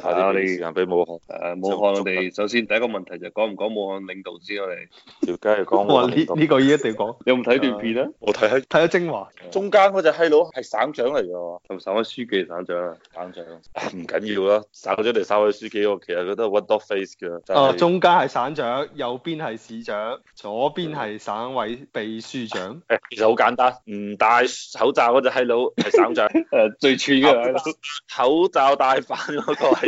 係啊，你時間俾武漢。誒、啊，武漢我哋首先第一個問題就講唔講武漢領導先我哋條街講武漢呢個嘢一定要講。有唔睇段片啊？我睇睇睇咗精華。啊、中間嗰隻閪佬係省長嚟㗎。係咪省委書記、省長省長？唔緊要啦，省長定省委書記我其實覺得 one door face 噶。哦、就是啊，中間係省長，右邊係市長，左邊係省委秘書長。誒、啊，其實好簡單。唔戴口罩嗰隻閪佬係省長。誒、 啊，最串嘅。口罩戴翻嗰個係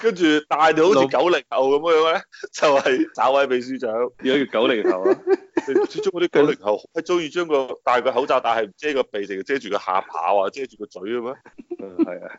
跟住戴到好似九零後咁樣咧，就係、是、找位秘書長，而家要九零後啊。 你唔知中嗰啲九零後好中意將個戴個口罩戴，但係唔遮個鼻，成日遮住個下巴啊，遮住個嘴咁啊。嗯，係啊。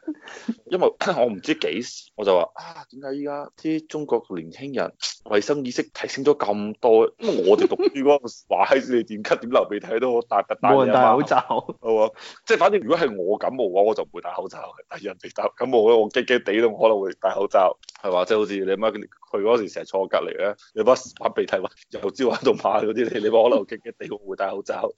因為 我唔知幾時，我就話啊，點解依家啲中國年輕人衞生意識提升咗咁多？我哋讀書嗰陣話喺你點咳點流鼻涕都好我戴唔戴，戴口罩？ 冇人戴口罩。係喎，即係反正如果係我感冒嘅話，我就唔會戴口罩，但人哋戴感冒咧，我驚驚地都可能會戴口罩。係話，即係好似你媽嘅。佢嗰時成日坐我隔離咧，你把抹鼻涕、抹油椒、喺度抹嗰啲你，你我能極嘅地會戴口罩。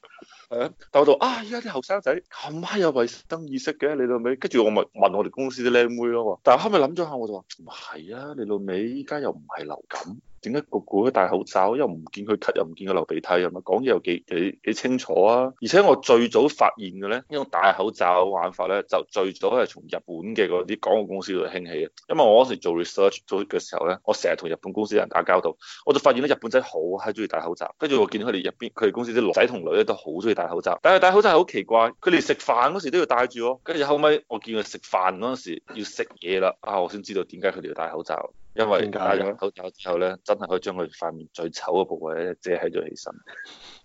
係啊，但我就話啊，依家啲後生仔琴晚有衞生意識嘅，你老味跟住我咪問我哋公司啲靚妹咯。但係後尾諗咗下，我就話唔係啊，你老味。依家又唔係流感，點解個個都戴口罩？又唔見佢咳，又唔見佢流鼻涕，又咪講嘢又幾幾幾清楚啊！而且我最早發現嘅咧，呢種戴口罩玩法咧，就最早係從日本嘅嗰啲廣告公司度興起嘅。因為我嗰時做 research 做嘅時候咧，成日同日本公司啲人打交道，我就發現咧日本仔好閪中意戴口罩。跟住我見到佢哋入邊，佢哋公司啲男仔同女咧都好中意戴口罩。但係戴口罩係好奇怪，佢連食飯嗰時都要戴住。跟住後尾我見佢食飯嗰時要食嘢啦，啊我先知道點解佢哋要戴口罩，因為戴緊口罩之後咧，真係可以將佢塊面最醜嘅部位咧遮喺咗起身。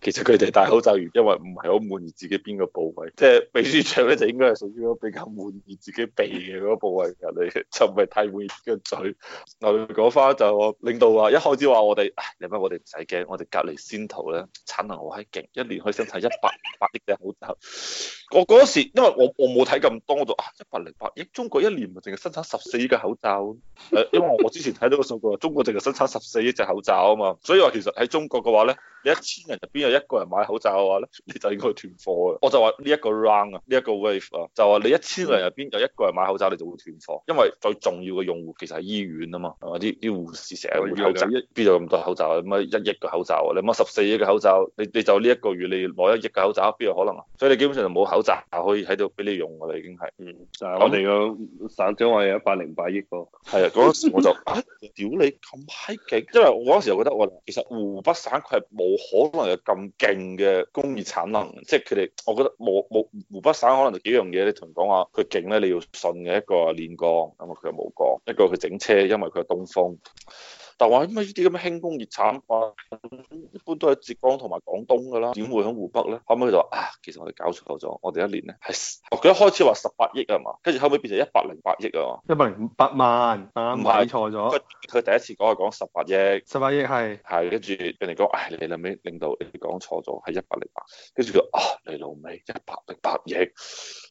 其實佢哋戴口罩完，因為唔係好滿意自己邊個部位，即係秘書長咧，就應該係屬於比較滿意自己鼻嘅嗰個部位人哋就唔係太滿意個嘴。我哋講翻就領導話，一開始話我哋，你乜我哋唔使驚，我哋隔籬仙桃咧產能好閪勁，一年可以生產一百零八億隻口罩。我嗰時因為我我冇睇咁多，我就一百零八億，中國一年咪淨係生產十四億隻口罩。因為我之前睇到個數據，中國淨係生產十四億隻口罩啊嘛，所以話其實喺中國嘅話咧。你一千人入邊有一個人買口罩嘅話咧，你就應該斷貨啦。我就話呢一個 round 啊，呢一個 wave 啊，就話你一千人入邊有一個人買口罩，你就會斷貨。因為最重要嘅用戶其實係醫院啊嘛，啲啲護士成日換口罩，邊有咁多口罩啊？乜一億嘅口罩啊？你乜十四億嘅口罩，你你就呢一個月你攞一億嘅口罩，邊有可能啊？所以你基本上就冇口罩可以喺度俾你用啦、啊，已經係。嗯，我哋嘅那省長話有一百零八億個。係啊， 嗰陣時我就，屌你咁閪勁， 因為我嗰陣時又覺得我其實湖北省佢係冇。冇可能有咁勁嘅工業產能，即係佢哋，我覺得冇冇湖北省可能就幾樣嘢，你同佢講話佢勁咧，你要信嘅一個啊，煉鋼，咁啊佢又冇鋼；一個佢整車，因為佢係東風。但係話咁啊！呢啲咁嘅輕工業產啊，一般都喺浙江同埋廣東噶啦，點會喺湖北咧？後尾佢就話啊，其實我哋搞錯咗，我哋一年咧係哦，佢一開始話十八億啊嘛，跟住後尾變成一百零八億啊，一百零五百萬？唔啱？睇錯咗是，佢第一次講係講十八億，十八億係，係跟住人哋講，唉、哎，你令屘令到你講錯咗，係一百零八，跟住就啊，你老味一百零八億，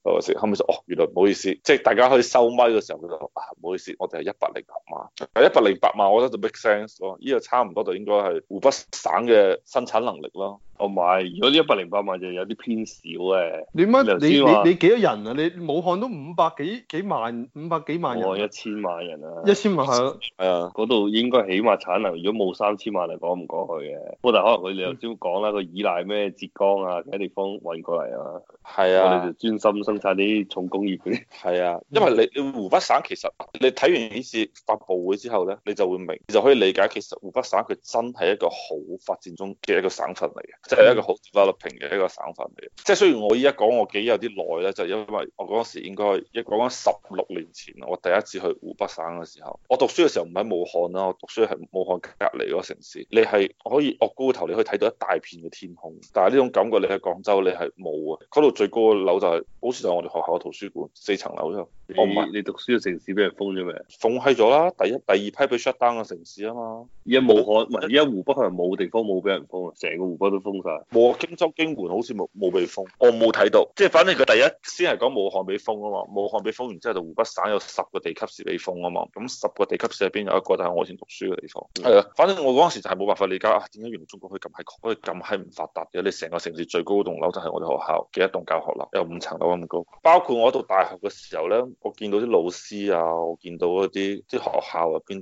好唔好食？後尾就哦，原來唔好意思，即係大家可以收咪嘅時候，佢就啊，唔好意思，我哋係一百零八萬，一百零八萬，我覺得做咩？cents 咯，呢個差唔多就應該係湖北省嘅生產能力咯。我買，如果一百零八萬就有啲偏少嘅。你乜？你你你幾多人啊？你武漢都五百幾幾萬，五百幾萬人，啊。我一千萬人啊。一千萬係，係啊，嗰度，啊啊、應該起碼產能，如果冇三千萬說說，就講唔過去嘅。不過但可能佢頭先講啦，佢、嗯、依賴咩浙江啊啲地方運過嚟啊。係啊。你就專心生產啲重工業嗰啲。係啊，因為你你、嗯、湖北省其實你睇完這次發布會之後咧，你就會明，你就可以理解其實湖北省佢真係一個好發展中嘅一個省份嚟嘅。即係一個好 developing 嘅一個省份嚟，即係雖然我依家講我幾有啲耐咧，就係、因為我嗰時應該一講緊十六年前，我第一次去湖北省嘅時候，我讀書嘅時候唔喺武漢啦，我讀書係武漢隔離嗰個城市，你係可以擱高個頭你可以睇到一大片嘅天空，但係呢種感覺你喺廣州你係冇啊，嗰度最高嘅樓就係、係、好似就係我哋學校嘅圖書館四層樓啫。我唔係你讀書嘅城市俾人封咗未？封閪咗啦，第一、第二批被 shut down 嘅城市啊嘛。而家武漢而家湖北係冇地方冇俾人封啊，成個湖北都封。冇，荊州荊門好似冇冇被封，我冇睇到。即係反正佢第一先係講武漢被封啊嘛，武漢被封完之後就湖北省有十個地級市被封啊嘛。咁十個地級市入邊有一個就係我以前讀書嘅地方。係啊，反正我嗰陣時就係冇辦法理解啊，點解原來中國可以咁係可以咁係唔發達嘅？你成個城市最高嗰棟樓就係我哋學校嘅一棟教學樓，有五層樓咁高。包括我讀大學嘅時候咧，我見到啲老師啊，我見到嗰啲啲學校入邊啲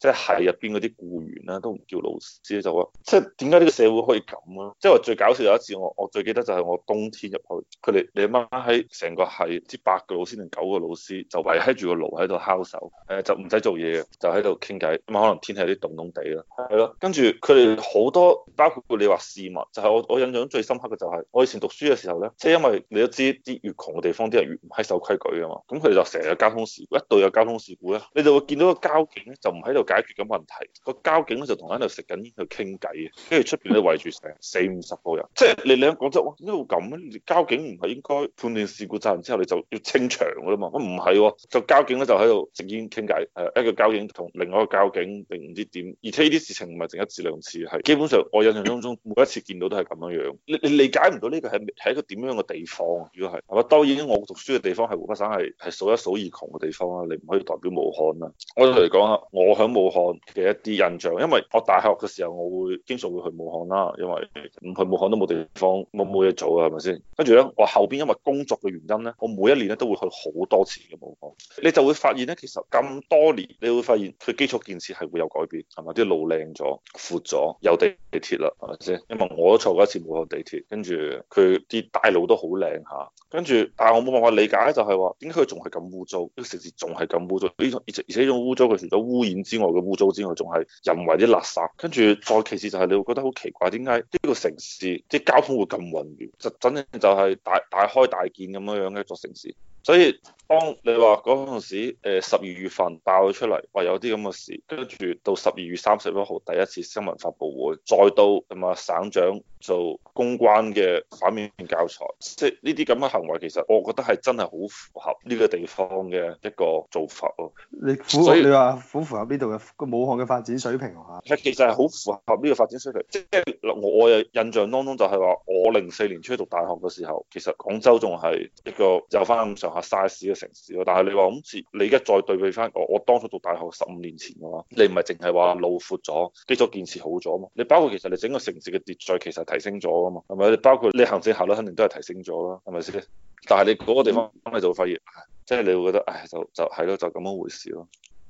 即係係入邊嗰啲僱員咧、啊，都唔叫老師，就話即係點解呢個社會可以咁啊？即係話最搞笑有一次我，我我最記得就係我冬天入去，佢哋你阿媽喺成個係啲八個老師定九個老師就圍喺住個爐喺度烤手，誒就唔使做嘢嘅，就喺度傾偈。咁可能天氣有啲凍凍地咯，係咯。跟住佢哋好多包括你話事物，就係、是、我我印象最深刻嘅就係、是、我以前讀書嘅時候咧，即、就、係、是、因為你都知啲越窮嘅地方啲人越唔係守規矩㗎嘛，咁佢哋就成日交通事故，一度有交通事故咧，你就會見到個交警咧就唔喺度解決緊問題，個交警咧就同喺度食緊煙喺度傾偈嘅，跟住出邊咧圍住成。四五十個人，即係你兩你喺廣州，點解會咁咧？交警唔係應該判斷事故責任之後，你就要清場噶啦嘛？唔係、啊，就交警咧就喺度食煙傾偈，誒、啊、一個交警同另外一個交警定唔知點，而且呢啲事情唔係淨一次兩次，係、啊、基本上我印象當中，中每一次見到都係咁樣樣。你你理解唔到呢個係係一個點樣嘅地方，如果係係嘛？當然我讀書嘅地方係湖北省，係係數一數二窮嘅地方啦。你唔可以代表武漢啊！我嚟講啊，我喺武漢嘅一啲印象，因為我大學嘅時候我會經常會去武漢啦，因為唔去武漢都冇地方，冇冇嘢做啊，係咪先？跟住咧，我後邊因為工作嘅原因咧，我每一年咧都會去好多次嘅武漢。你就會發現咧，其實咁多年，你會發現佢基礎建設係會有改變，係咪？啲路靚咗、闊咗，有地鐵啦，係咪先？因為我都坐過一次武漢地鐵，跟住佢啲大路都好靚嚇。跟住，但係我冇辦法理解咧，就係話點解佢仲係咁污糟，呢個城市仲係咁污糟。呢種而且呢種污糟佢除咗污染之外嘅污糟之外，仲係人為啲垃圾。跟住再其次就係你會覺得好奇怪，點解呢個？城市即係交通會咁混亂，就真正就係大大開大建咁樣樣嘅一座城市，所以。當你話嗰陣時，誒，十二月份爆咗出嚟，話有啲咁嘅事，跟住到十二月三十一號第一次新聞發佈會，再到咁啊省長做公關嘅反面教材，即係呢啲咁嘅行為，其實我覺得係真係好符合呢個地方嘅一個做法咯。你所以你話好符合呢度嘅個武漢嘅發展水平吓？其實係好符合呢個發展水平，即係我我印象當中就係話我零四年出去讀大學嘅時候，其實廣州仲係一個有返咁上下 size 城市咯，但係你話咁，你而家再對比翻我，我當初讀大學十五年前嘅話，你唔係淨係話路闊咗，基礎建設好咗嘛？你包括其實你整個城市嘅秩序其實提升咗啊嘛，係咪？你包括你行政效率肯定都係提升咗啦，係咪先？但係你嗰個地方你就會發現，即係、就是、你會覺得，唉，就就係咯，就咁樣回事咯。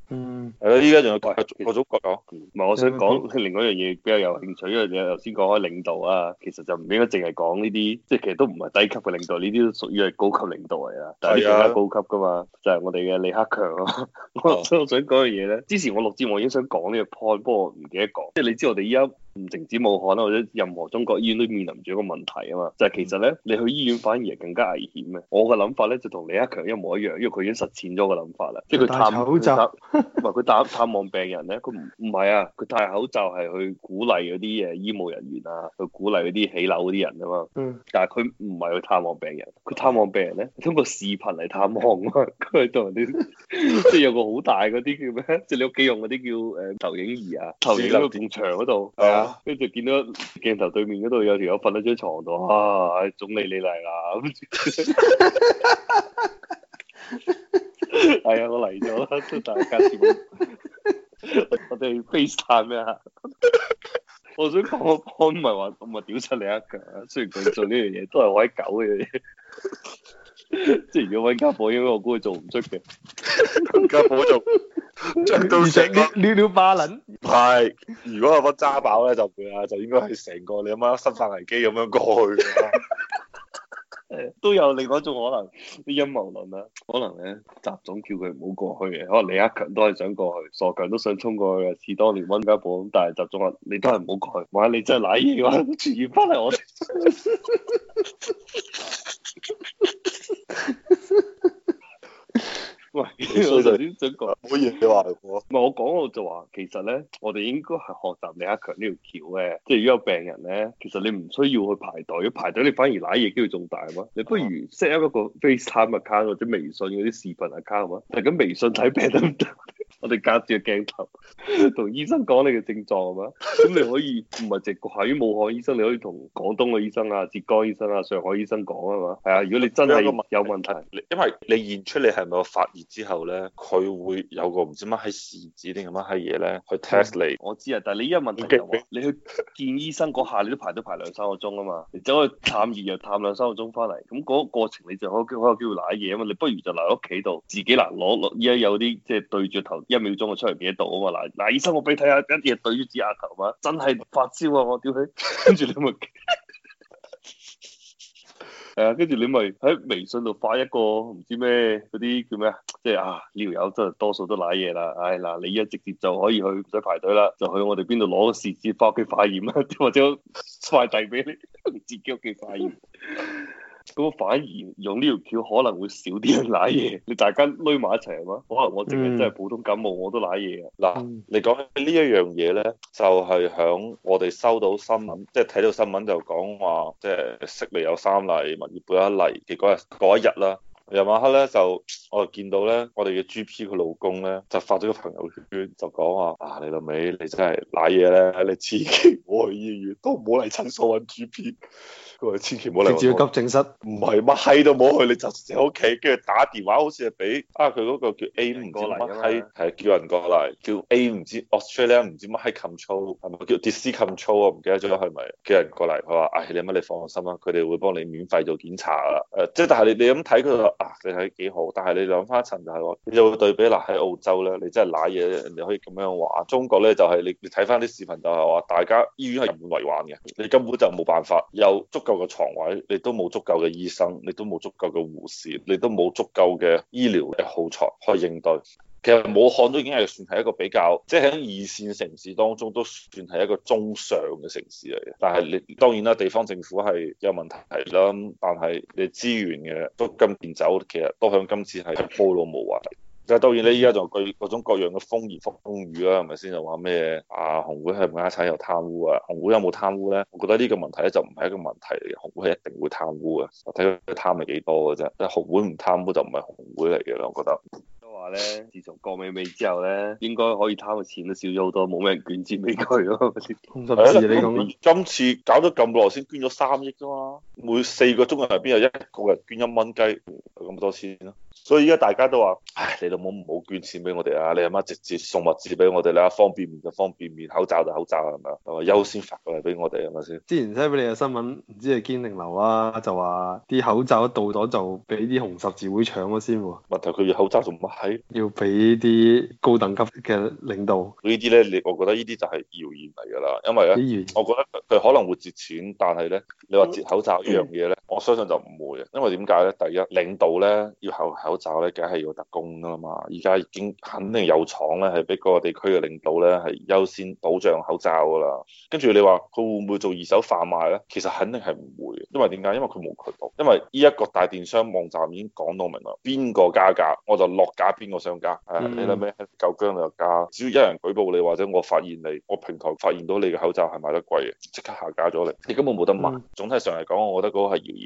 嗯，係咯，依家仲有各種各樣講，唔係實我想講另外一樣嘢比較有興趣，因為頭先講開領導啊，其實就唔應該淨係講呢啲，即係其實都唔係低級嘅領導，呢啲都屬於係高級領導嚟啊，但係呢更高級噶嘛，就係、是、我哋嘅李克強咯。我想講樣嘢咧，之前我錄字幕已經想講呢個 point，不過唔記得講，即係你知我哋依家。唔淨止武漢啦，或者任何中國醫院都面臨住一個問題啊嘛，就係其實咧，你去醫院反而係更加危險嘅。我嘅諗法咧就同李克強一模一樣，因為佢已經實踐咗個諗法啦。即係佢戴口罩，唔係佢打探望病人咧，佢唔唔係啊，佢戴口罩係去鼓勵嗰啲誒醫務人員啊，去鼓勵嗰啲起樓嗰啲人啊嘛。但係佢唔係去探望病人，佢探望病人咧，通過視頻嚟探望啊嘛。佢同啲即係有個好大嗰啲叫咩？即係你屋企用嗰啲叫誒投影儀啊，投影喺個牆嗰度。係啊。跟住見到鏡頭對面嗰度有條友瞓喺張床度，啊總理你嚟啦！係啊、 哎，我嚟咗啦，都大家見。 我哋 face 咩啊？我想講我波唔係話咁係屌出你一腳，雖然佢做呢樣嘢都係餵狗嘅嘢， 即係如果揾家婆，因為我估佢做唔出嘅， 家婆做。着到成啲啲啲巴輪，係，如果阿斌揸飽咧，就唔啊，就應該係成個你阿媽生化危機咁樣過去。誒， 都有另外一種可能，啲陰謀論啊，可能咧，習總叫佢唔好過去嘅，可能李克強都係想過去，傻強都想衝過去嘅，似當年溫家寶咁，但係習總話你都係唔好過去，萬一你真係瀨嘢嘅話，遲啲翻嚟我。 我頭先想講，好嘢，你話我。唔係我講我就話，其實咧，我哋應該係學習李克強呢條橋嘅。即係如果有病人咧，其實你唔需要去排隊，去排隊你反而瀨嘢機會仲大係嘛？你不如 set 一個 FaceTime account 或者微信嗰啲視頻 account 係嘛？但咁微信睇病得唔得？ 我哋隔住個鏡頭，同醫生講，你嘅症狀係嘛？咁 你可以唔係淨喺武漢醫生，你可以同廣東嘅醫生啊、浙江醫生啊、上海醫生講，係嘛？係啊，如果你真係有問題，問題因為你驗出你係咪個發熱之後咧，佢會有個唔知乜喺試紙定係乜喺嘢咧去 test 你。我知啊，但係你依家問題係， 你去見醫生嗰下，你都排都排兩三個鐘啊嘛，你走去探熱又探兩三個鐘翻嚟，咁、那、嗰個過程你就可可有機會瀨嘢啊嘛。你不如就留喺屋企度自己嗱攞攞，而家有啲即係對住頭。一秒鐘我出嚟幾多度啊嘛！嗱嗱，醫生我俾你睇下一日對於指額頭啊，真係發燒啊！我屌你，跟 住、啊、你咪，係跟住你咪喺微信度發一個唔知咩嗰啲叫咩啊，即係啊呢條友真係多數都瀨嘢啦。唉、哎、嗱，你一直接就可以去唔使排隊啦，就去我哋邊度攞試紙，翻屋企化驗啦，或者我快遞俾你自己屋企化驗。 咁反而用呢條橋可能會少啲人攋嘢，你大家攞埋一齊係嘛？可能我淨係真係普通感冒，嗯、我都攋嘢嘅。嗱，你講起呢一樣嘢咧，就係、是、響我哋收到新聞，即係睇到新聞就講話，即係悉尼有三例，墨爾本有一例。結果嗰一日啦，夜晚黑咧就我就見到咧，我哋嘅 G P 佢老公咧就發咗個朋友圈，就講話啊，你老尾你真係攋嘢咧，你自己唔好去醫院，都唔好嚟診所搵 G P。佢千祈唔好嚟，直接急症室。唔係乜閪都冇去，你就喺屋企，跟住打電話好，好似係俾啊佢嗰個叫 A 唔知嚟啊，係叫人過嚟，叫 A 唔知 Australia 唔知乜 Control 係咪叫 Disc Control 啊？唔記得咗係咪？叫人過嚟，佢話唉你乜你放心啦，佢哋會幫你免費做檢查啦。誒即係但係你你咁睇佢啊，你睇幾好，但係你諗翻一層就係、是、話，你就會對比啦。喺、啊、澳洲咧，你真係瀨嘢，人哋可以咁樣話。中國咧就係、是、你你睇翻啲視頻就係、是、話，大家醫院係亂為患嘅，你根本就冇辦法又夠嘅床位，你都冇足夠嘅醫生，你都冇足夠嘅護士，你都冇足夠嘅醫療嘅耗材去應對。其實武漢都已經係算係一個比較，即係喺二線城市當中都算係一個中上嘅城市嚟嘅。但係你當然啦，地方政府係有問題啦。但係你資源嘅捉襟見肘，其實都響今次係暴露無遺。就當然你依家就據各種各樣嘅風言風語啦、啊，係咪先？就話咩啊？紅會係唔啱踩又貪污啊？紅會有冇貪污咧？我覺得呢個問題咧就唔係一個問題嚟嘅，紅會係一定會貪污嘅。睇佢貪係幾多嘅啫？即係紅會唔貪污就唔係紅會嚟嘅啦。我覺得都話咧，自從郭美美之後咧，應該可以貪嘅錢都少咗好多，冇咩人捐錢俾佢咯。今、 啊、次搞咗咁耐先捐咗三億啫嘛？每四個中國人入邊有一個人捐一蚊雞？咁多錢咯，所以依家大家都話，唉，你老母唔好捐錢俾我哋啊！你阿媽直接送物資俾我哋啦、啊，方便麵就方便麵，口罩就口罩啊，係咪啊？話優先發嚟俾我哋係咪先？之前睇俾你嘅新聞，唔知係堅定流啊，就話啲口罩到咗就俾啲紅十字會搶咗先、啊。問題佢要口罩同乜閪要俾啲高等級嘅領導？呢啲咧，你我覺得呢啲就係謠言嚟㗎啦，因為啊，我覺得佢如可能會節錢，但係咧，你話節口罩呢樣嘢咧？嗯我相信就唔會，因為點解咧？第一，領導咧要口口罩咧，梗係要特供噶啦嘛。而家已經肯定有廠咧，係俾各個地區嘅領導咧係優先保障口罩噶啦。跟住你話佢會唔會做二手販賣咧？其實肯定係唔會，因為點解？因為佢冇渠道。因為呢一個大電商網站已經講到明啦，邊個加價我就落價邊個商家。誒、哎，你諗咩？夠姜你就加，只要有人舉報你或者我發現你，我平台發現到你嘅口罩係賣得貴嘅，即刻下架咗你。你根本冇得賣。嗯、總體上嚟講，我覺得嗰個係謠言。